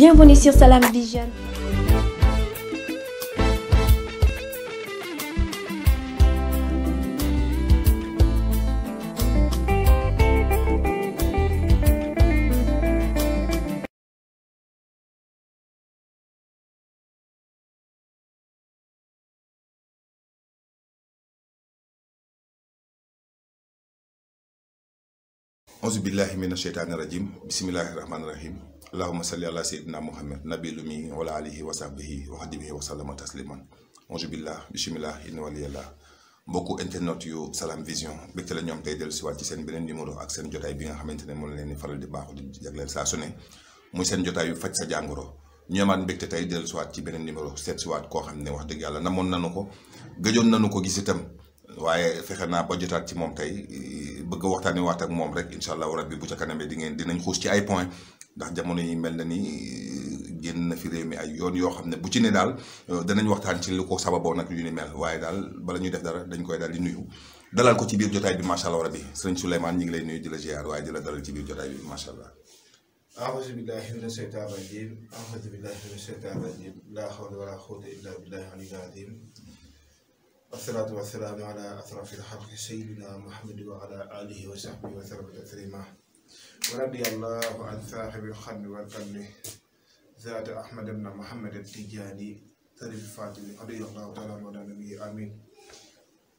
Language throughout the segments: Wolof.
ni Bienvenue sur di Vision. auzu billahi mina sheytaani rajim bismillahi rahmaani rahim allahuma salli ala sayyidina muhammad nabi lumi wala alihi wa sahbihi wa xadimihi wa sallama tasliman auzu billah bismillah inna waliyallah mbokku internet yu Salam Vision mbégte la ñoom tey dellu siwaat ci seen beneen numéro ak seen jotaay bi nga xamante ne moom la leen di faral di baaxu di jagleel saa su ne muy seen jotaay yu faj sa jàngoro ñu amaat mbégte tey dellu siwaat ci beneen numéro seet siwaat koo xam ne wax dëgg yàlla namoon nanu ko gëjoon nanu ko gis itam waaye fexe naa ba jotaat ci moom kay bëgg waxtaan waxtaanee waat ak moom rek incha allah bi bu ca kanamee di ngeen dinañ xuus ci ay point ndax jamono yi mel na ni génn na fi ay yoon yoo xam ne bu ci ne daal euh, danañ waxtaan ci lu ko sababoo nag yu ni mel waaye daal bala ñu def dara dañ koy daal di nuyu. dalal ko ci biir jotaay bi macha allah rabbi sëriñ Souleymane ñu ngi lay nuyu di la ziar waaye di la dalal ci biir jotaay bi macha allah. أعوذ بالله من الشيطان الرجيم أعوذ بالله من asalaatu wasalaamu ala asrafil xalqi sayyidina muhammad wa ala alihi wa sahbihi wa sallam taslima wa radiyallahu an saaxibil xadmi wal fadli zaati ahmad muhammad at-tijaani sarif fatimi radiyallahu taala ala nabi amin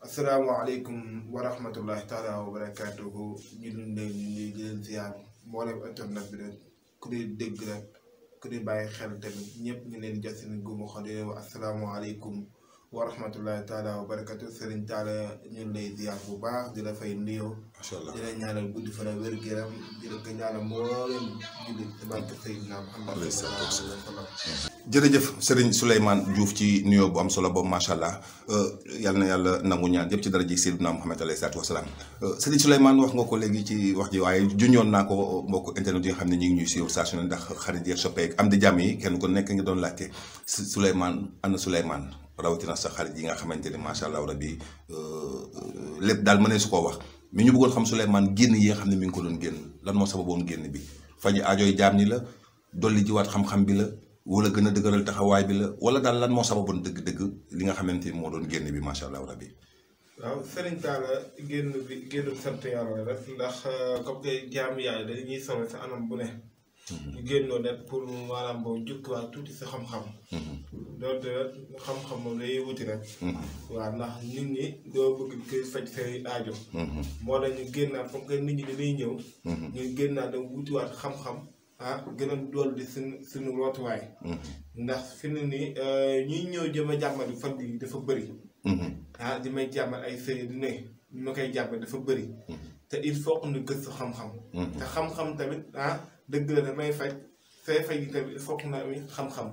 asalaamu aleykum wa rahmatullahi wa barakaatuhu ñu ngi leen di leen ziar mboolem internet bi rek ku di dégg rek ku di bàyyi xel tamit ñëpp ñu leen jot seen gumu wa asalaamu aleykum wa rahmatullahi taala wa barakatu sëriñ taala ñu ngi lay ziar bu baax di la fay nuyoo di la ñaanal guddi a wér gëram di la ko ñaanal mbooleem jullit di barke Seydina Muhammad jërëjëf sëriñ Souleymane Diouf ci nuyoo bu am solo boobu macha allah euh, yal na yàlla nangu ñaan yëpp ci daraja Seydina Muhammad alayhi salaatu wa salaam euh, sëriñ Souleymane wax nga ko léegi ci wax ji waaye junjoon naa ko mbokk internet yi xam ne ñu ngi ñuy suivre saa su ndax xarit yeeg soppeek am di jàmm yi kenn ku nekk ngi doon laajte Souleymane ana Souleymane rawatina sa xarit yi nga xamante ni macha allah rabi euh, lépp daal mënee su ko wax mu ñu bëggoon xam Souleymane génn yi nga xam ne mi ngi ko doon génn lan moo sababoon génn bi faji ajooy jaam ñi la dolli jiwaat xam bi la wala gën a dëgëral taxawaay bi la wala daal lan moo sababoon dëgg-dëgg li nga xamante ni moo doon génn bi macha allah rabi. waaw Serigne Talla génn bi génn sant yàlla rek ndax euh, comme que jaam yaay dañuy sonal sa anam bu ne. Mm-hmm. ñu génnoon rek pour maanaam boobu jukkiwaat tuuti sa xam-xam. Mm-hmm. donc xam-xam moom day wuti rek. Mm-hmm. waaw ndax nit ñi doo bëgg kër faj say aajo. moo tax ñu génnaat comme que nit ñi dañuy ñëw. ñu génnaat dem wutiwaat xam-xam. ah dool di suñu suñu rootuwaay. ndax fi mu nii euh, ñuy ñëw jëm a jàmbali fan yi dafa bëri. damay ah, di ay sëy di ne ñu ma koy jàmbal dafa bëri. te il faut que ñu gëstu xam-xam. te xam-xam tamit ah, dëgg la damay faj say faj gi tamit foog na mi xam-xam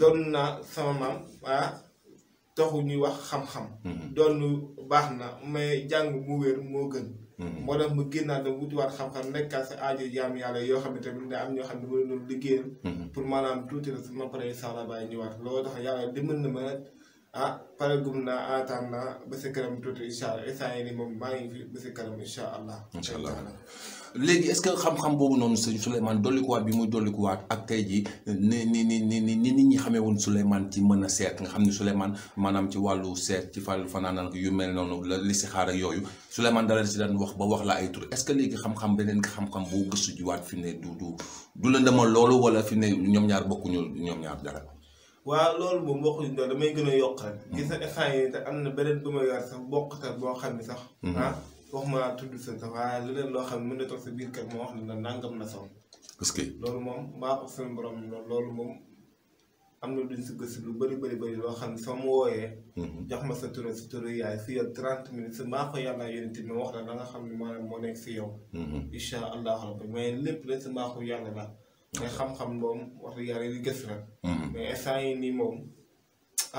doon naa sama maam waa ah, taxu ñuy wax xam-xam mm-hmm. doon baax na mais jàng mu wér moo gën mm-hmm. moo tax mu génnaat da wutiwaat xam-xam nekkaat sa aajo jaam yàlla yoo xam ne tamit da am ñoo xam ne mën noonu liggéeyal mm-hmm. pour maanaam tuuti la sama pare sala bàyyi ñëwaat loolu tax yàlla dimbal na ma ah pare gum naa ataan ba si kanam tuuti incha allah instant yii nii moom maa ngi fi ba si kanam incha allah allah léegi est-ce que xam-xam boobu noonu sëñ Souleymane dollikuwaat bi muy dollikuwaat ak tey jii ni ni ni ni ni nit ñi xamee woon Souleymane ci mën a seet nga xam ne Souleymane maanaam ci wàllu seet ci fàllu yu mel noonu la li si xaar ak yooyu Souleymane dala si daan wax ba wax la ay tur est-ce que léegi xam-xam beneen nga xam-xam boo gëstu jiwaat fi ne du du du la loolu wala fi ne ñoom ñaar bokkuñu ñoom ñaar dara. waaw loolu moom bokkuñu doon damay gën a yokk gis na instant yii am na beneen bu ma yor sax bokk sax boo xam ne sax. Mm-hmm. Ah waxuma tudd sa sa waaye leneen loo xam ne mën na toog sa biir kër moo wax ne na saw. parce que loolu moom mbaaxul seen borom loolu moom am na luñ si gëstu lu bëri bëri bëri loo xam ne soo ma wooyee. Mhm. jox ma sa tur sa turu yaay fii ak 30 minutes sa mbaaxu yàlla yonent bi wax la la xam ni maanaam moo nekk si yow. Mhm. incha allahu rabbi mais lépp la si mbaaxu yàlla la. mais xam-xam moom wax dëgg yàlla di mhm. mais instant yii nii moom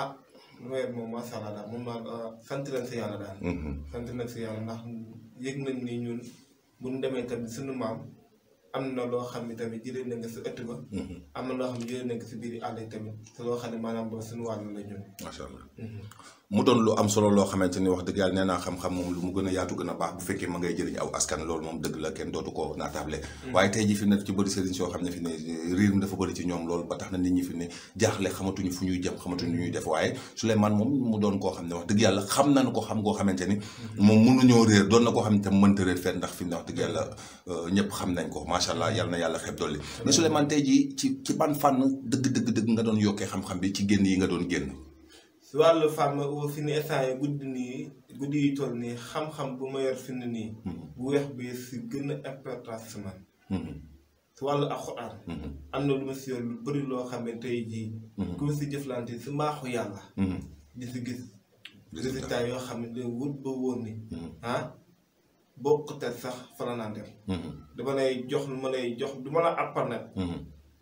ah. lu may moom macha allah daal moom sant leen si yàlla daal. Mm-hmm. sant leen si yàlla ndax yëg nañ ni ñun bu ñu demee tamit sunu maam am na loo xam ne tamit jëlee ko si ëtt ba. Mm-hmm. am na loo xam ne jëlee nañ ko si biir àll yi tamit te loo xam ne maanaam ba suñu wàll la ñun. macha allah. Mm-hmm. mu doon lu am solo loo xamante ni wax dëgg yàlla nee xam-xam moom lu mu gën a yaatu gën a baax bu fekkee ma ngay jëriñ aw askan loolu moom dëgg la kenn dootu ko naatable mm. waaye tey ji fi ne ci bëri sëriñ soo xam ne fi ne riir mi dafa bëri ci ñoom loolu ba tax na nit ñi fi ne jaaxle xamatuñu fu ñuy jëm xamatuñu ñuy def waaye Souleymane moom mu doon koo xam ne wax dëgg yàlla xam nañu ko xam koo xamante ni mm-hmm. moom mënuñoo réer doon na koo xam ne tam mënta réer fenn ndax fi ne wax euh, xam nañ ko macha allah yàlla na yàlla xeeb dolli mm-hmm. mais Souleymane tey ji ci ci ban fànn dëgg dëgg dëgg nga doon yokkee xam-xam bi ci génn yi nga doon génn si wàllu femme fi ne instant yi guddi nii nii xam-xam bu ma yor fi ne nii. Mm-hmm. bu weex bi si gën a importance si man. Mm-hmm. si wàllu alxuraan. Mm-hmm. am na lu ma si yor lu bëri loo xam ne tey jii. ku si jëflante si maaxu yàlla. si gis yoo xam ne day wut ba woon ni. ah bokkute sax fana dem. dama lay jox lu ma lay jox du ma la appal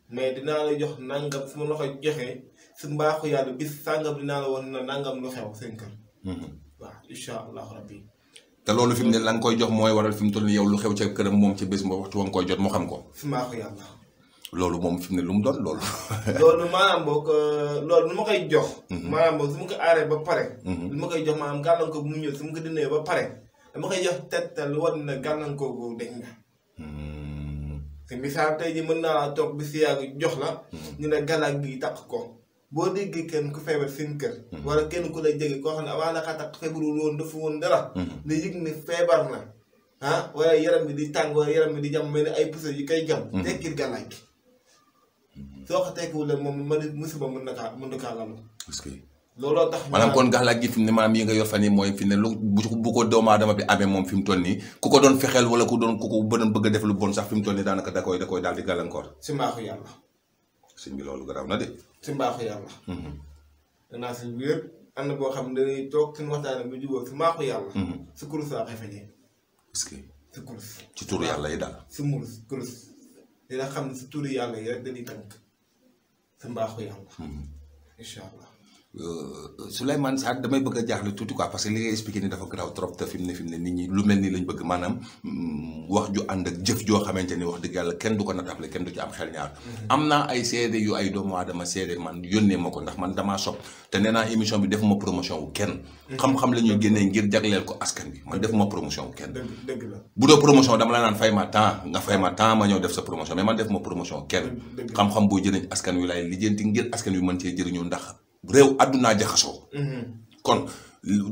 mais dinaa la jox nangam su ma la ko joxee. su mbaaxu yàlla bis sàngam dinaa la woon na nangam lu xew seen kër. Mhm. waaw incha allahu rabbi te loolu fi mu ne la koy jox mooy waral fi mu toll nii yow lu xew ca këram moom ca bés ba waxtu wa nga koy jot mu xam ko. su mbaaxu yàlla. loolu moom fi mu ne lu mu doon loolu. loolu maanaam boog loolu ma koy jox. Mhm. maanaam boog su ma ko aaree ba pare. Mhm. lu ma koy jox maanaam gàllankoor bu mu ñëw su ma ko dindee ba pare dama koy jox tegtal wan na gàllankoor boobu dañ na. te misaal tey ji mën naa toog bi si yàgg jox la. ñu ne galaag gi taq ko. boo déggee kenn ku feebar seen kër. Mm-hmm. wala kenn ku la jege koo xam ne avant la xatak feebarul woon dafa woon dara. Mm-hmm. na yëg ne feebar na. ah wala yaram bi di tàng wala yaram bi di jam mel ni ay puso yu koy jam. Mm-hmm. tekkil gàllaaj gi. soo ko tekkiwul nag moom man musiba mën na kaa mën na kaa que looloo tax. maanaam kon gàllaaj gi fi mu yi nga yor fan yi mooy fi bu ko doomu aadama bi amee moom fi mu toll nii ku ko doon fexeel wala ku doon ko bëgg a def lu bon sax fi mu toll nii daanaka da koy da di gàllankoor. si mbaaxu yàlla. sëñ bi loolu garaaw na de ci mbaaxu yàlla. Mm-hmm. naa si wér am na boo xam ne dañuy toog suñu waxtaan bi jubóo si mbaaxu yàlla. si mm-hmm. kurus laa koy fajee. est-ce que si kurus. ci turu yàlla yi daal. si murus kurus dina xam ne si turu yàlla ya rek dañuy tànk si mbaaxu yàlla. Mm-hmm. incha Euh, Souleymane Sarr damay bëgg a jaaxle tuuti quoi parce que li ngay expliqué ni dafa garaaw trop te fi ne fi ne nit lu mel nii lañ bëgg maanaam mm, wax ju ànd ak jëf joo xamante ni wax dëgg yàlla kenn du ko natable kenn du ci am xel ñaar. Mhm. am naa ay seede yu ay doomu aadama seede man ma ko ndax man dama sob te nee émission bi defuma promotion wu kenn. Mhm. xam-xam la ñuy génnee ngir jagleel ko askan bi man defuma promotion wu kenn. dëgg bu doo promotion dama la naan ma temps nga fay ma temps ma ñëw def sa promotion mais man defuma promotion kenn. xam-xam boo jëriñ askan wi laay lijjanti ngir réew àddunaa jaxasoo. Mhm. kon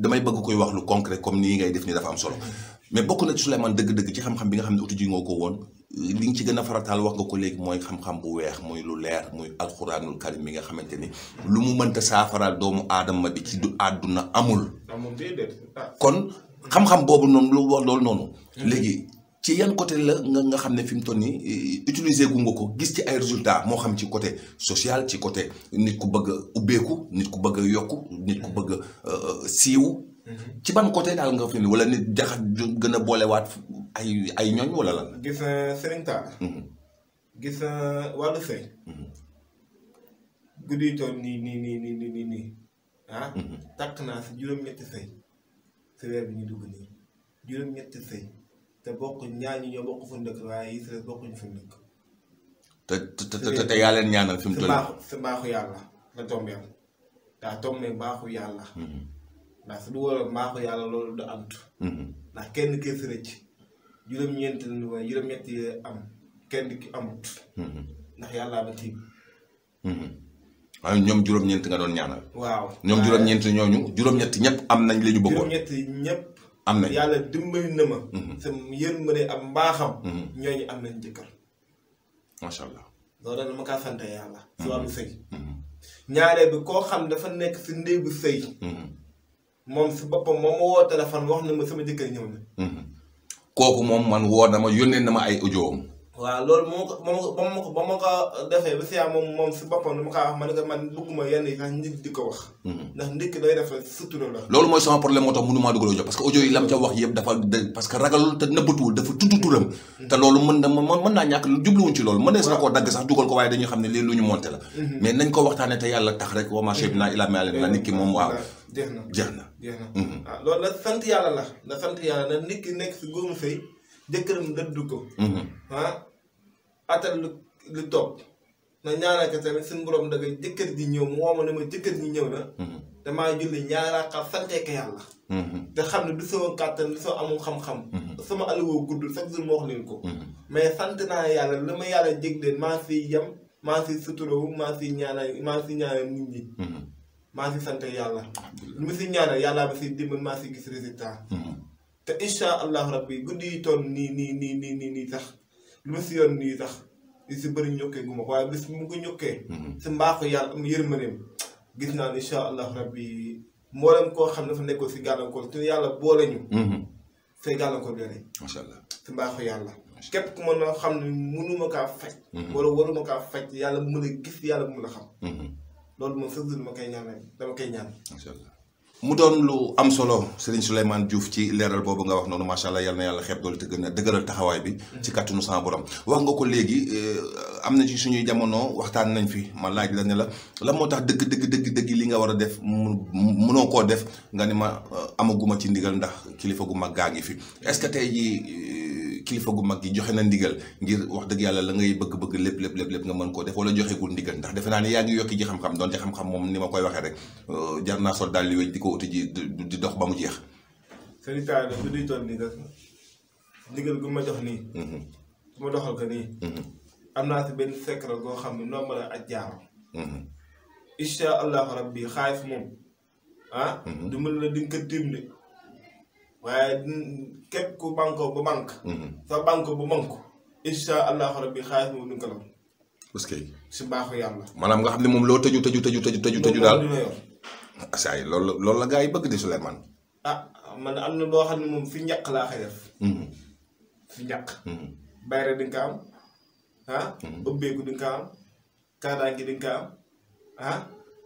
damay bëgg koy wax lu concret comme nii ngay def nii dafa am solo. Mhm. mais bokk na ci Souleymane dëgg-dëgg ci xam-xam bi nga xam ne uti ji ngoo ko woon li nga ci gën a wax nga ko léegi mooy xam-xam bu weex muy lu leer muy alxuraanul karim mi nga xamante ni lu mu mënta saafaraal doomu aadama bi ci du àdduna amul. Ah. kon xam-xam boobu noonu lu wax loolu noonu. Mhm. léegi ci yan côté la nga nga xam ne fi mu toll nii utiliser gu nga ko gis ci ay résultats moo xam ci côté social ci côté nit ku bëgg a ubbeeku nit ku bëgg a yokku nit ku bëgg euh, siiw. Mm-hmm. ci ban côté daal nga fi wala nit jaxa gën a boolewaat ay ay ñooñ wala lan. gis euh, Serigne Tall. Mm-hmm. gis sëy. Euh, mm-hmm. guddi toon nii nii nii nii nii ah, takk naa si juróom-ñetti sëy si weer bi ñu dugg nii juróom-ñetti sëy. te bokk ñaar ñi ñoo bokk fu ñu dëkk waaye yi si des bokkuñu fu ñu dëkk. te te te yaa leen ñaanal fi mu si baaxu yàlla la tombeel mm-hmm. ndax su waroon baaxu yàlla loolu du amtu. Mm-hmm. ndax kenn kee si rëcc juróom-ñeent lañu woon juróom-ñett am kenn ki amut. Mm-hmm. ndax yàllaa ba tiim. waaye ñoom juróom-ñeent nga doon ñaanal. waaw ñoom juróom-ñeent ñooñu juróom-ñett ñëpp am nañ li ñu bëggoon. juróom-ñett ñëpp am nañ yàlla dimbali na ma. Mhm. sa yërmande ak mbaaxam. Mhm. ñooñu am nañ jëkkër. macha allah loolu rek dama kaa sant yàlla. si mhm. wàllu sëy. ñaareel bi koo xam dafa nekk si néegu sëy. moom si boppam moom ma woo téléphone wax na ma sama jëkkër ñëw na. kooku moom man woo na ma yónnee na ma ay audio waa loolu moo ko ba ma ko ba ma ko defee ba siyaa moom moom si boppam dama kaa wax ma ne man bëgguma yenn yi nit di ko wax hmm. ndax ndikk day def sutura la loolu mooy sama problème moo tax hmm. naa ñàkk jubluwuñ ci loolu mën nees na koo dagg sax dugal ko waaye dañuy xam ne lii lu ñu monté la hmm. mais nañ ko waxtaane te yàlla tax rek wa maa shay'naa illaa maa alayna nit ki moom waaw jeex na jeex na ah, loolu la sant yàlla la la sant yàlla la nit ki nekk si góomu atal lu lu topp na ñaanal ko tamit suñu borom dangay jëkkër ji ñëw mu wooma ne ma jëkkër ji ñëw na mm-hmm. damaa julli ñaaraaka santee ko yàlla mm-hmm. te xam ne du sama kàttan du sama amul xam-xam mm-hmm. sama alawoo gudd chaque jour ma wax leen ko mais sant naa yàlla li yàlla jég leen maa siy yem maa siy suturawu maa siy ñaanal maa siy nit ñi maa si sant yàlla lu ma si ñaanal yàllaa ma si dimbal maa si gis résultat te incha allahu rabbi guddi yi nii nii nii sax lu si yoon nii tax si bëri ñokkee gu ma waaye bis ma ko ñokkee mhm. si mbaaxu yàlla am yërmandeem gis naa ne incha allahu rabbi mboolem koo xam ne dafa nekkoo si gàllankoor te yàlla boole ñu mhm. say gàllankoor beneen macha allah si mbaaxu yàlla képp xam ne munuma kaa faj mhm. wala waruma kaa faj yàlla mën a gis yàlla mën la xam loolu moom sax dund ma kay ñaan dama koy ñaan mu doon lu am solo Serigne Souleymane Diouf ci leeral boobu nga wax noonu macha allah yal yàlla xeeb doole te gën a dëgëral taxawaay bi. ci kàttanu sama borom. wax nga ko léegi euh, am na ci suñuy jamono waxtaan nañ fi ma laaj la ne la la moo tax dëgg dëgg dëgg dëgg li nga war a def mu mënoo koo def nga ni ma euh, amaguma ci ndigal ndax kilifa gu mag gaa ngi fi est jii. Euh, kilifa gu mag gi joxe na ndigal ngir wax dëgg yàlla la ngay bëgg-bëgg lépp lépp lépp lépp nga mën koo def wala joxegul ndigal ndax defe naa ne yaa ngi yokki ji xam-xam doonte xam-xam moom ni ma euh, di ko uti dox ba mu jeex sëriñ Talla du duy toon ndigal ndigal gu ma jox nii su mm-hmm. ma doxal ko nii mm-hmm. am naa si benn secret goo xam ne noo mën a ak jaaro mm-hmm. incha allahu rabbi xaalis moom ah du mën la di nga tiim de waaye képp ku banko ba banque mhm. sa banko ba banque insha allahu rabbi xaalis moom duñ ko law parce que si baaxu yàlla maanaam nga xam ne moom loo tëju tëju tëju tëju tëju tëju daal saa yi lool lool la gaa yi bëgg di Souleymane ah man a am na loo xam ne moom fi njaq laa xay def mhm. fi njaq mhm. bayre di nga am ah ubbeeku di nga ko am kaadaangi di ah,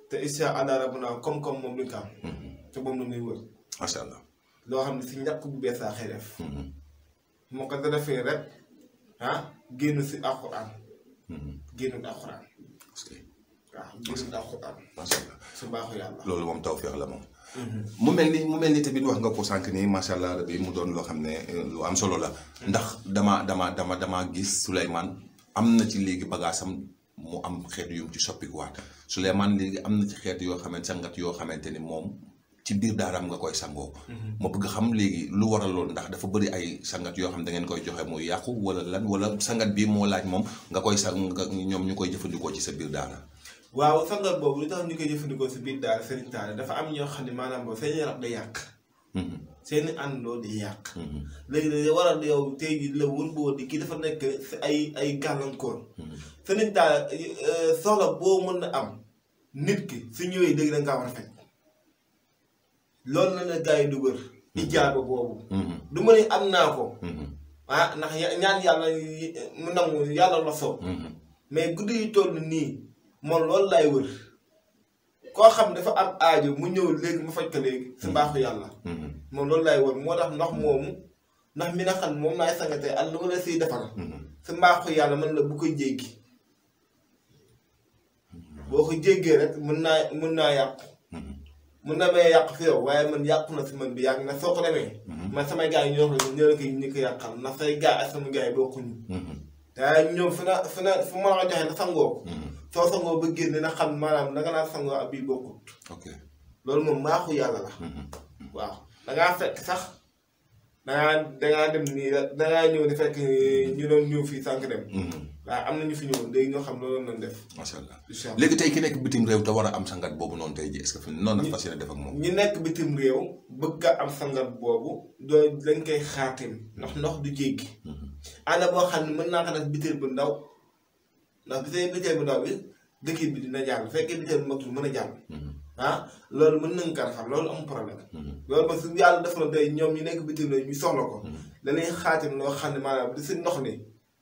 te insha allah rabbi naa koom-koom moom di nga am te moom la muy wër loo xam ne si ñàkk bu bees laa xëy def. moo mm-hmm. ko defee rek ah génn si alxuraan. Mm-hmm. génn alxuraan. waaw génn alxuraan. macha allah su baaxu yàlla. loolu moom tawfeex la moom. Mm-hmm. mu mel ni mu mel ni tamit wax nga ko sànq nii macha allah rabi mu doon loo xam ne eh, lu am solo la. ndax dama dama dama dama gis Souleymane am na ci léegi bagaasam mu am xeet yu mu ci soppikuwaat Souleymane léegi am na ci xeet yoo xamante sangat yoo xamante ni moom. ci biir daaraam nga koy sangoo. Mm-hmm. ma bëgg xam léegi lu loolu ndax dafa bëri ay sangat yoo xam da ngeen koy joxe muy yàqu wala lan wala sangat bi moo laaj moom nga koy sang nga ñoom ñu koy jëfandikoo ci sa biir daara. waaw sangat boobu lu tax ñu koy jëfandikoo si biir daara sëriñ taale dafa am ñoo xam ne maanaam boobu seen yaram day yàq. Mm-hmm. seen i àndoo di yàq. Mm-hmm. léegi nag yow waral yow tey jii la boo di kii dafa nekk si ay ay gàllankoor. sëriñ taale euh, soxla boo mën na am nit ki su ñëwee léegi da war a fekk. loolu la la gars yi du wër ijaaba mhm. boobu mhm. du ma ne am naa ko mhm. ah ñaan yàlla mu nangu yàlla la mais guddi yu toll nii moom loolu laay wër koo xam dafa am aajo mu ñëw léegi mu faj ko léegi si mbaaxu yàlla moom loolu laay wër moo tax ndox moomu ndax mi na moom laay sangate ak lu la siy defal si mbaaxu yàlla man la bu ko jéggi boo ko jéggee rek mën naa mën naa yàqu mun na ba yàq si yow waaye man yàqu na si bi yàgg na soo ko demee. Mhm. man samay gars yi ñu wax la ñoo ñu ko na say gars ak sama gars yi bokkuñu. daa mhm. ñoom fu na fu na fu ma la joxee na sangoo. Mhm. soo sangoo ba génne na xam maanaam naka laa sangoo ak bii bokkut. ok loolu moom maaxu yàlla la. waaw da ngaa fekk sax. dangaa dangaa dem nii dangaa ñëw di fekk ñu doon ñëw fii sànq dem. Mhm. waaw am na ñu fi ñëwoon léegi ñoo xam loolu lañ def. macha allah léegi tey ki nekk bitim réew te war a am sangat boobu noonu tey ji est ce que noonu la fas yéene def ak moom. ñu nekk bitim réew bëgg a am sangat boobu doo dañ koy xaatim ndax mhm. ndox du jéggi. Mhm. àll boo xam ne mën naa ko def bitéel bu ndaw ndax bitéel bu ndaw bi dëkk bi dina jàll bu fekkee bitéel mën a jàll. ah loolu mën nañ kar xam loolu am problème mm-hmm. loolu ma su yàlla def na tey ñoom ñu nekk bitim réew ñu soxla ko mm-hmm. dañuy xaatim loo xam ne maanaam di si ndox mi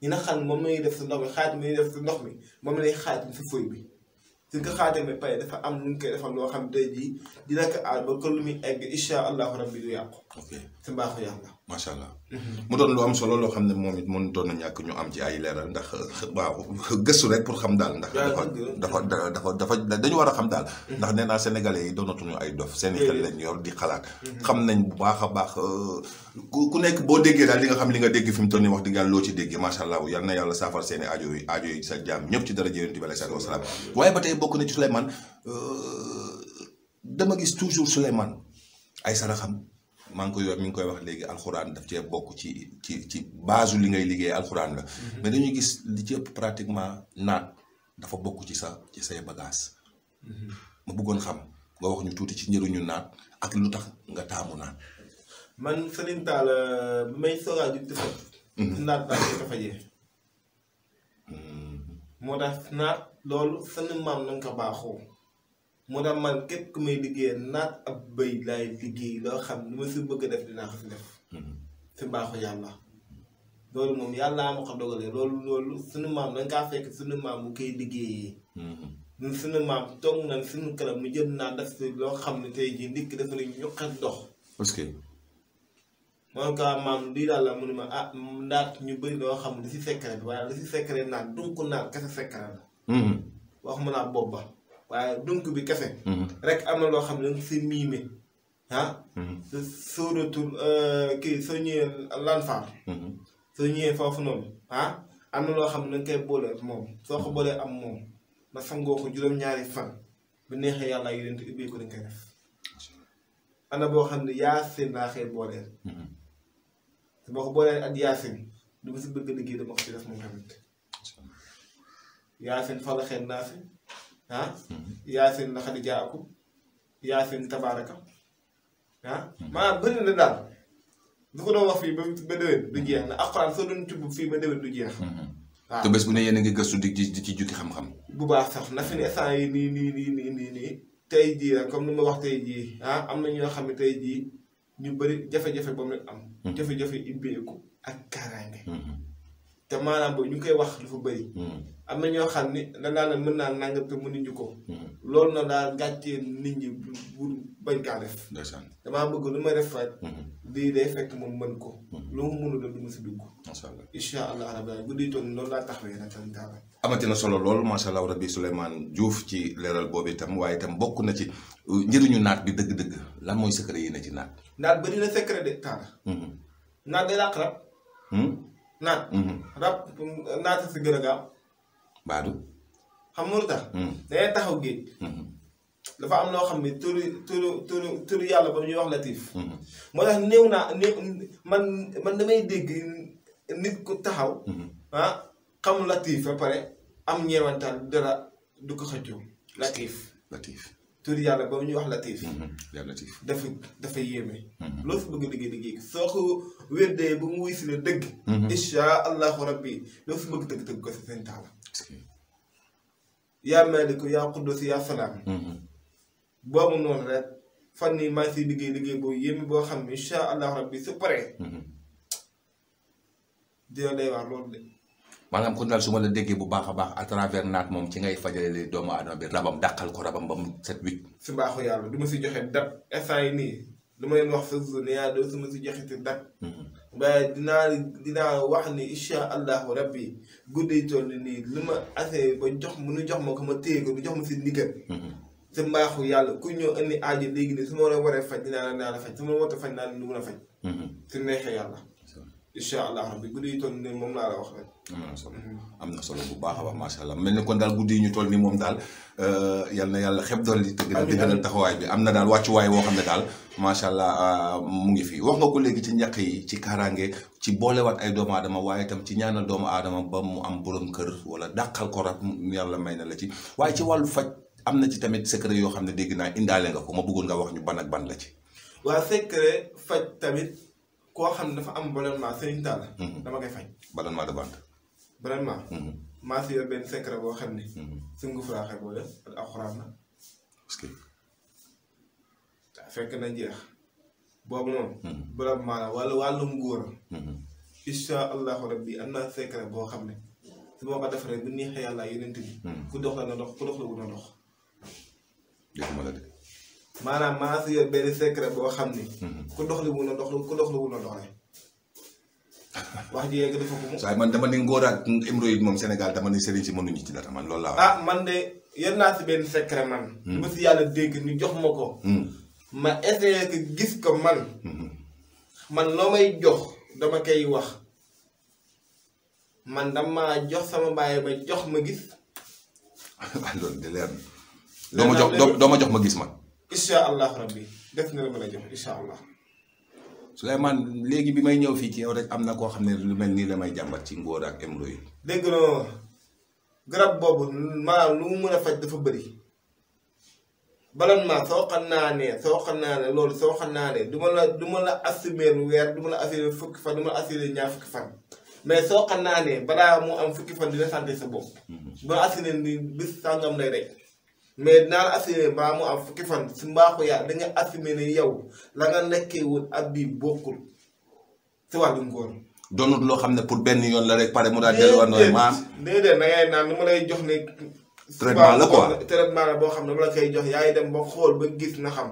ñi na xam ne moom lañuy def si ndox mi def si ndox mi moom lay xaatim si fooy bi suñ ko xaatimee pare dafa am lu ñu koy defal loo xam ne tey dina ko aar ba ko lu muy egg incha allahu rabbi du yàqu ok ci mbaaxu yàlla. allah. Mm-hmm. mu doon lu am solo loo xam ne moom it mënutoon na ñàkk ñu am ci ay leeral ndax waaw gëstu rek pour xam daal ndax. dafa dafa dafa dafa dañu war a xam daal. Mm-hmm. ndax nee naa sénégalais yi doonatuñu ay dof. seen i xel lañ yor di xalaat. Mm-hmm. xam nañ bu baax a baax euh, ku ku nekk boo déggee daal li nga xam li nga dégg fi mu toll nii wax dëgg yàlla loo ci déggee macha allah yal na yàlla saafara seen i aajo yi aajo yi sa jaam ñëpp ci dara yonent bi alayhi salaatu waaye ba tey bokk na ci Souleymane euh, dama gis toujours Souleymane ay saraxam maa ngi koy wax mi ngi koy wax léegi alxuraan daf cee bokk ci ci ci base li ngay liggéey alxuraan la. Mm-hmm. mais dañuy gis li ci pratiquement naat dafa bokk ci sa ci say bagage mm-hmm. ma buggoon xam nga wax ñu tuuti ci njëriñu naat ak lu tax nga taamu naat. man Serigne Tall bi may soga di defar. Mm-hmm. naat daal di ko moo tax naat loolu seen maam na nga ko baaxoo. moo tax man képp ku may liggéeyal naat ab béy laay liggéey loo xam lu ma si bëgg a def dinaa ko si def. Mm-hmm. si mbaaxu yàlla. loolu moom yàlla ma ko dogalee loolu loolu sunu maam da nga kaa fekk sunu maam mu koy liggéeyee. Mm-hmm. ñun sunu maam toog nañ sunu mu jël naan def si loo xam ne tey jii ndikk dafa ne ñu xet dox. parce que. moo kaa maam lii daal la mu ma ah naat ñu bëri loo xam ne li si secret a li si secret naat du ko naat kese secret la. Mm-hmm. waxuma naa bopp ba. waaye dunk bi kese mhm. rek am na loo xam ne danga si miime ah mhm. sóoratul euh, kii mhm. soo ñëwee foofu noonu ah? na loo xam ne danga koy boole moom soo ko boolee am moom ba sangoo ko juróom-ñaari fan bu neexee yàlla yu leen ubbee ko danga koy def boo xam ne yaasin laa koy booleel boo ko boolee ak yaasin du ma si bëgg liggéey dama ko si def moom tamit yaasin falaxeen ah mm-hmm. yaasin na xadija akum yaasin tabaaraka ah maanaam bëri na daal du ko doon wax fii ba ba déwén du jeex na mm-hmm. alxuraan soo doon tibb fii ba déwén du jeex waaw mm-hmm. ah. te bés bu ne yéen a ngi gëstu di di ci jukki xam-xam bu baax sax na fi ne instant yi nii nii nii nii nii nii tey jii rek comme ni ma wax tey jii ah am na ñoo xam ne tey jii ñu bëri jafe-jafe boobu rek am jafe-jafe ibbeeku ak kaaraange te maanaam boobu ñu koy wax dafa bëri. Hmm. am na ñoo xam ne dañ daan mën naa nangam te mënuñu ko. Hmm. loolu noonu daal gàccee nit ñi bu bu bañ kaa def. ndeysaan damaa bëgg lu ma def rek. Hmm. lii de fekk moom mën ko. lu mu mënul doon du ma si dugg. macha allah incha allah rabbi bu dee toon loolu laa taxawee nag tamit daal. amati na solo lool macha allah rabbi Souleymane Diouf ci leeral boobu tam waaye itam bokk na ci uh, njëriñu naat bi dëgg-dëgg lan mooy secret yi na ci naat. naat ba na secret de taara. naat day naat. Mhm. rab naata si gën a gaaw. baadu. xam nga lu tax. Mhm. taxaw géej. Mhm. dafa am loo xam ne turu turu turu turu yàlla ba ñuy wax latif. moo tax néew naa néew man man damay dégg nit ku taxaw. ah xam latif ba pare am ñeewantaan dara du ko xëccoo latif. latif. tur yàlla boobu ñuy wax mhm. latif. dafa dafa yéeme. Mhm. loo si bëgg a liggéey liggéey soo ko weddee ba mu wuy si la dëgg. Mhm. incha allahu rabbi loo si bëgg dëgg dëgg ko si seen taala. yaa maaliku yaa quddus yaa salaam. boobu noonu rek fan yii maa ngi liggéey liggéey boobu yéeme boo xam ne incha allahu rabbi su paree. dina lay wax loolu de. maanaam kon daal su ma la déggee bu baax a baax a travers naat moom ci ngay fajalee doomu aadama bi rabam dàqal ko rabam ba mu set wicc. si baaxu yàlla du ma si joxee date instant yi nii lu leen wax sa zone yaa su ma si joxe te date. Mm-hmm. waaye dinaa dinaa wax ni incha allahu rabbi guddi toll nii lu ma asee ba jox mënu jox ma ko ma téye jox ma si ndigal. te mm-hmm. mbaaxu yàlla ku ñëw indi aajo léegi nii su ma war a faj dinaa la dinaa la faj su ma war a faj naa la du mën a faj. Mm-hmm. su neexee yàlla. incha allah xam bi guddi yi toll nii moom laa la wax rek. am na solo mm-hmm. bu baax a baax macha allah mel ni kon daal guddi yi toll nii moom daal euh, yal na yàlla xeb dool yi. amiin te a taxawaay bi am na daal wàccuwaay woo xam ne daal macha euh, ngi fi wax nga ko léegi ci ñàkk yi ci kaaraange ci boolewaat ay doomu aadama waaye itam ci ñaanal doom aadama ba mu am borom kër wala dàqal ko rab may na la ci waaye ci wàllu faj am na ci tamit secret yoo xam ne dégg naa indaale nga ko ma bëggoon nga wax ñu ban ak ban la ci. waa secret faj tamit koo xam ne dafa am ballonnement Serigne Tall. Mhm. dama koy faj. ballonnement de vente. ballonnement. Mhm. maa si yor benn boo xam ne. Mhm. suñ ko faaxee boo def ak alxuraan la. parce que. góor. incha allahu rabbi am naa xam ne. su yeneen bi ku dox la na dox ku dox la wu na dox. déet ma la de. maanaam maa si benn secret boo xam ni. Mhm. ku dox li mun a dox ku dox li wax ji yegg dafa ko mu. waaye man dama ni ngóor ak hémorroïde moom Sénégal dama ni sëriñ si mënuñu ci dara man loolu laa. Ah, man de yor naa si benn secret man. Hmm. ba si yàlla dégg ni jox ma ko. Hmm. gis ko hmm. man. loo may jox dama kay wax man dama jox sama bàyyi ba jox ma gis. de leer doo ma jox doo ma jox ma gis man. incha allah rabbi def na la a jox incha allah. Souleymane léegi bi may ñëw fii ci yow rek am na koo xam ne lu mel nii la may jàmbat ci ngóor ak émro yi. dégg nga garab boobu maanaam lu mu mën a faj dafa bëri balan ma soo xam naa ne soo xam naa ne loolu soo xam naa ne duma la duma la assumer weer du ma la assurer fukki fan du ma la assurer ñaar fukki fan mais soo xam naa ne balaa mu am fukki fan dina santé sa bopp. Mhm. bu ma assurer ni bis sangam rek. mais dinaa la assumer mu am fukki fan si mbaaxu yaa da nga assumer ne yow la nga nekkee woon ak bii bokkul si wàllum góor. doonut loo xam ne pour benn yoon la rek pare mu daal delluwaat noonu maam. déedéet da ngay naan lu ma lay jox ne. traitement la quoi traitement la boo xam ne bu koy jox yaay dem ba xool ba gis na xam.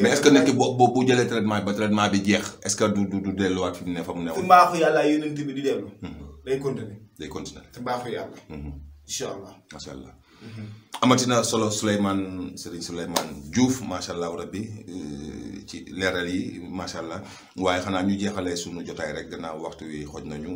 mais est-ce que nit ki boo bu jëlee traitement ba traitement bi jeex est-ce que du du du delluwaat fi mu ne fa mu ne woon. si mbaaxu yàlla yonent bi di dellu. Mhm. day continuer. day continuer si mbaaxu yàlla. Mhm. amatina solo Souleymane Serigne Souleymane Diouf macha allah rabbi euh, ci leeral yi macha waaye xanaa ñu jeexalee suñu jotaay rek gannaaw waxtu wi xoj nañu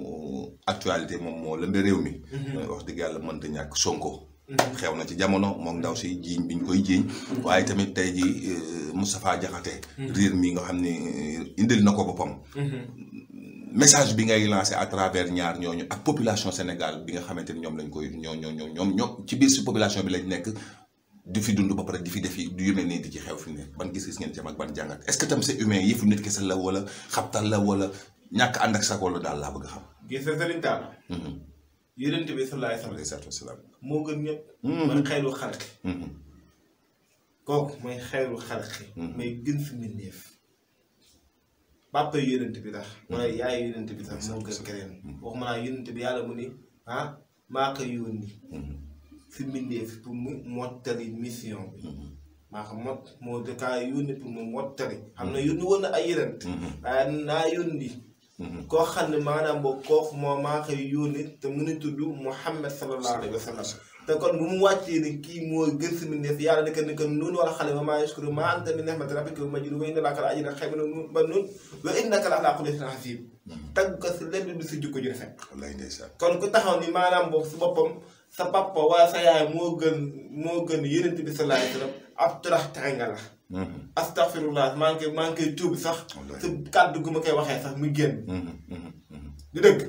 actualité moom moo lëmbe réew mi. Mhm. wax dëgg yàlla mënta ñàkk Sonko. Mhm. xew na ci jamono moom ndaw si jiiñ biñ koy jiiñ. Mhm. waaye tamit tey jii euh, Moustapha Diakhaté. riir mi nga xam ni euh, indil na ko boppam. message bi ngay lancé à travers ñaar ñooñu ak population Sénégal bi nga xamante ni ñoom lañ koy ñoo ñoo ñoom ñoom ci biir si population bi lañ nekk di fi dund ba pare di fi def yi du yu mel nii di ci xew fi ne gis-gis ngeen jëm ak ban jàngat est-ce que tam c'est humain yëfu nit kese la wala xabtal la wala ñàkk ànd ak sa la daal laa bëgg a xam. gis nga sëriñ Talla. Mm-hmm. yonent bi sallallahu alayhi wa sallam. moo gën ñëpp. man mm-hmm. xayru xalqi. Mm-hmm. kooku mooy xayru xalqi. may gën papa yonent bi tax mm-hmm. wala yaay yonent bi tax moo gën keneen mm-hmm. Mm-hmm. waxuma naa yonent bi yàlla mu ni ah maa ko yónni fi mbindeef pour mu mission bi maa ko mot moo dakaa yónni pour mu mottali xam na yónni woon ay yonent waaye naa yónni koo xam ne maanaam boobu kooku moo maa koy yónni te mu ngi tudd Muhammad sallallahu alayhi wa sallam te kon bu mu wàccee ni kii mooy gën si mbindeef yàlla ne que ne que noonu wala xale ba maa yashkuru maa anta bi ni'mati rabbika bi majnuun wa inna laka la ajran xayba ba noonu wa innaka la ala xuluqin aziim ko si lenn du si jikko ju rafet kon ku taxaw ni maanaam boobu si boppam sa papa wala sa yaay moo gën moo gën yonent bi sallallahu alayhi wa ab turax tànga la astaghfirullah maa ngi maa ngi koy tuub sax si kàddu gu ma koy waxee sax mu génn du dëgg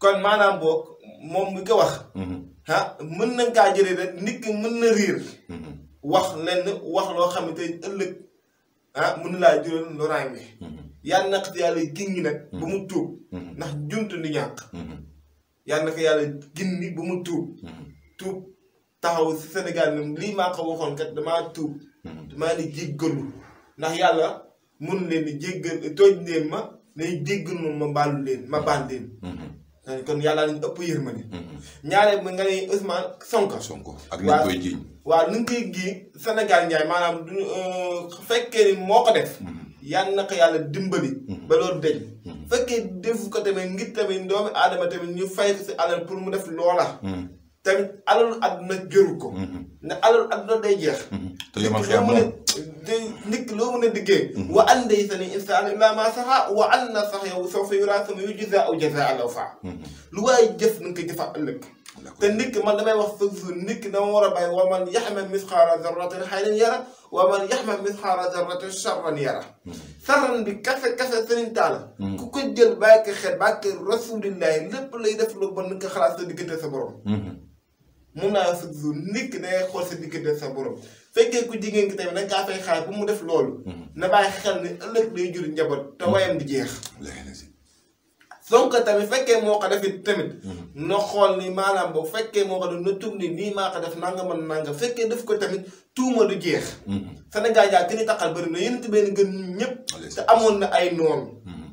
kon maanaam boog moom mi ko wax ah mën nañ kaa jëlee rek nit ki mën na riir mhm. wax lenn wax loo xamante ëllëg ah mën na laa jural loraange yàlla na ko yàlla gin ñi nag ba mu tuub ndax junt ni ñàkk yàlla na ko yàlla gin ñi ba mu tuub tuub taxaw senegal Sénégal ni lii maa ko waxoon kat damaa tuub mhm. damaa ni jéggalu ndax yàlla mun leen di jéggal tooñ leen ma nay jéggalu ma ma baalu leen ma baal leen mhm. kon yàlla nañu ëpp yërmande. ñaareel bi nga ne Ousmane Sonko. Sonko ak ni koy jiiñ. waaw ni nga gii senegal Sénégal Ndiaye maanaam du euh, fekkee ni moo ko def. yàlla na ko yàlla dimbali. ba loolu deñ fekkee defu ko tamit ngir tamit doomu aadama tamit ñu fay si alal pour mu def loola. tamit alalu àdduna jëru ko. ne alalu àdduna day jeex. day nit ki loo mën a diggee. Mhm. wa an laysani insaanu illaa maa saxaa wa anna sa'yahu sawfa yuraa summa yujzaa aw jazaa'an lawfaa. Mhm. lu waay jëf na nga ko jëfa ëllëg. te nit ki man damay wax sa jour nit ki dama war a bàyyi wa man yaxmal misqaala zarratin xayran yara wa man yaxmal misqaala zarratin charran yara. Mhm. sarran bi kase kase sëriñ taala. ku ko jël bàyyi ko xel bàyyi ko rasulillahi lépp lay def lu bon nga xalaat sa diggante sa borom. mun naa wax sa jour nit ki dangay xool sa diggante sa borom. fekkee ku jigéen ki tamit dañ kaa fay xaar bu mu def loolu. Mm-hmm. na bàyyi xel ne ëllëg day jur njaboot. te mm-hmm. wayam di jeex. donc tamit fekkee moo ko def it tamit. Mm-hmm. na xool ni maanaam boo fekkee moo ko def na tub ni nii maa ko def nanga man nanga fekkee def ko tamit tuuma du jeex. Sénégal yaa gën a taxal bëri na yéen benn gën ñëpp. te amoon na ay noonu.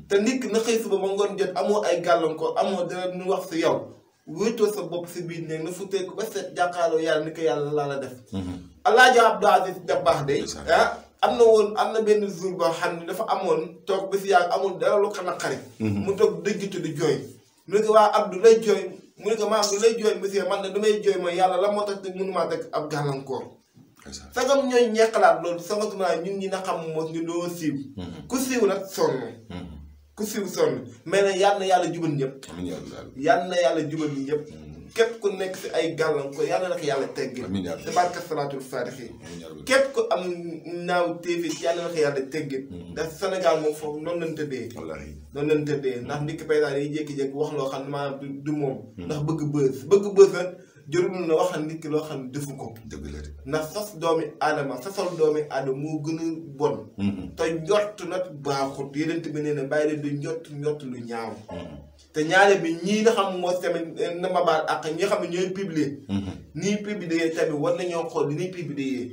te nit na xëy suba ba ngoon jot amoo ay gàllankoor amoo dara nu wax si yow wéetoo sa bopp si biir néeg na futteeku ba set jàkkaarloo yàlla ni ko yàlla laa la def. Alaaji Abdou Aziz Dabakh day ah am na woon am na benn jour boo xam ne dafa amoon toog ba si yàgg amul dara lu xanaa xari mhm. mu toog dëggitu di jooy mu ne ko waa Abdou lay jooy mu ne ko maam lu lay jooy monsieur man de du may jooy yàlla la moo tax te mënumaa teg ab gàllankoor sagam ñooy ñeqalaat loolu sangatuma ñun ñi na xam moos ñu doo siiw mhm. ku siiw nag sonn mhm. ku siiw sonn mais nag na yàlla jubal ñëpp yal na yàlla jubal yëpp képp ku nekk si ay gàllankoor yàlla na ko yàlla teggi si barka salaatul faatihi képp ku am naaw téefis yàlla na ko yàlla teggi mm-hmm. ndax Sénégal moom foofu noonu lañ tëddee noonu lañ tëddee ndax ndikk paysans yi jékki-jékki wax loo xam ne du moom mm-hmm. ndax bëgg bës bëgg bës nag jërul na wax nit ki loo xam ne defu ko dëgg la ndax sas doomi aadama sasal doomi aadama moo gën a bon mm-hmm. te njott nag baaxut yeneen bi nee na bàyyi leen du njott njott lu ñaaw te ñaare bi ñii nga xam moo tamit eh, na ma baal ak ñi xam ne ñooy publier. nii mm-hmm. publier tamit war nañoo xool li ñuy publier.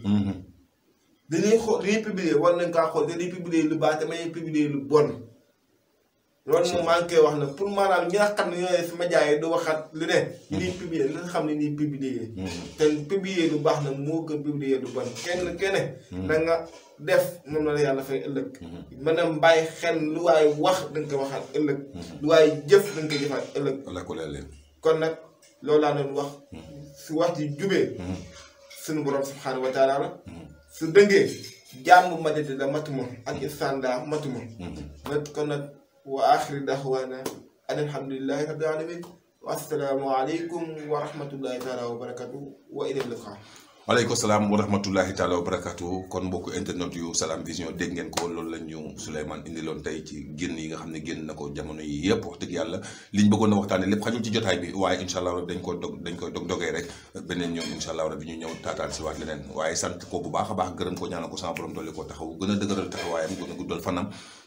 dañuy mm-hmm. xool li ñuy publier war na kaa xool dañuy publier lu baax te ma ñuy publier lu bon. loolu moom maa ngi koy wax na pour maanaam ñi nga xam ne ñooy si média yi du waxaat lu ne. Hmm. li ñuy publier li nga xam ne ñuy publier. Hmm. te publier lu baax nag moo gën publier lu bon kenn keneen. Hmm. na nga def moom la yàlla fay ëllëg. mën na bàyyi xel lu waay wax da ko waxaat ëllëg. lu waay jëf da nga ko jëfaat ëllëg. kon nag loolu laa doon wax. si wax ji jubee. suñu borom subxanahu wa taala la. su dëngee jàmm ma dëdd la matuma ak istanda matuma. kon nag. wa axiru daxwaana an alhamdulillahi rabbil alamin wa assalaamu aleykum wa rahmatullahi taala wa barakatu wa ilal liqa waaleykum salaam wa rahmatullahi taala wa barakatu kon mbokku internet yu Salam Vision dégg ngeen ko loolu la ñu indiloon tey ci génn yi nga xam ne génn na ko jamono yi yëpp wax dëgg yàlla liñ bëggoon a waxtaane lépp xajul ci jotaay bi waaye incha allah dañ ko dog dañ koy dog dogee rek beneen ñoom incha allah ñu ñëw taataan si waat leneen waaye sant ko bu baax a baax gërëm ko ñaanal ko sama borom doole ko taxaw gën a dëgëral a guddal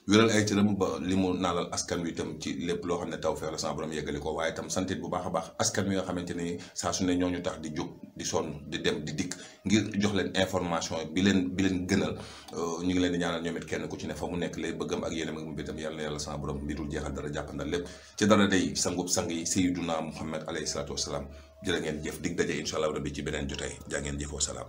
wéral ay cëram ba li mu naalal askan wi itam ci lépp loo xam ne taw feex la sama borom yeggali ko waaye itam santit bu baax a baax askan wi nga xamante ni saa su ne ñooñu tax di jóg di sonn di dem di dikk ngir jox leen information bi leen bi leen gënal euh, ñu ngi leen di ñaanal ñoom kenn ku ci ne fa mu nekk lay bëggam ak yéenam ak mu bitam yàlla yàlla sama borom mbirul jeexal dara jàppandal lépp ci dara day sangub sang yi Seydina Muhammad alayhi salaatu wasalaam jërë ngeen jëf dig daje incha allah rabbi ci beneen jotay jaa ngeen jëf wasalaam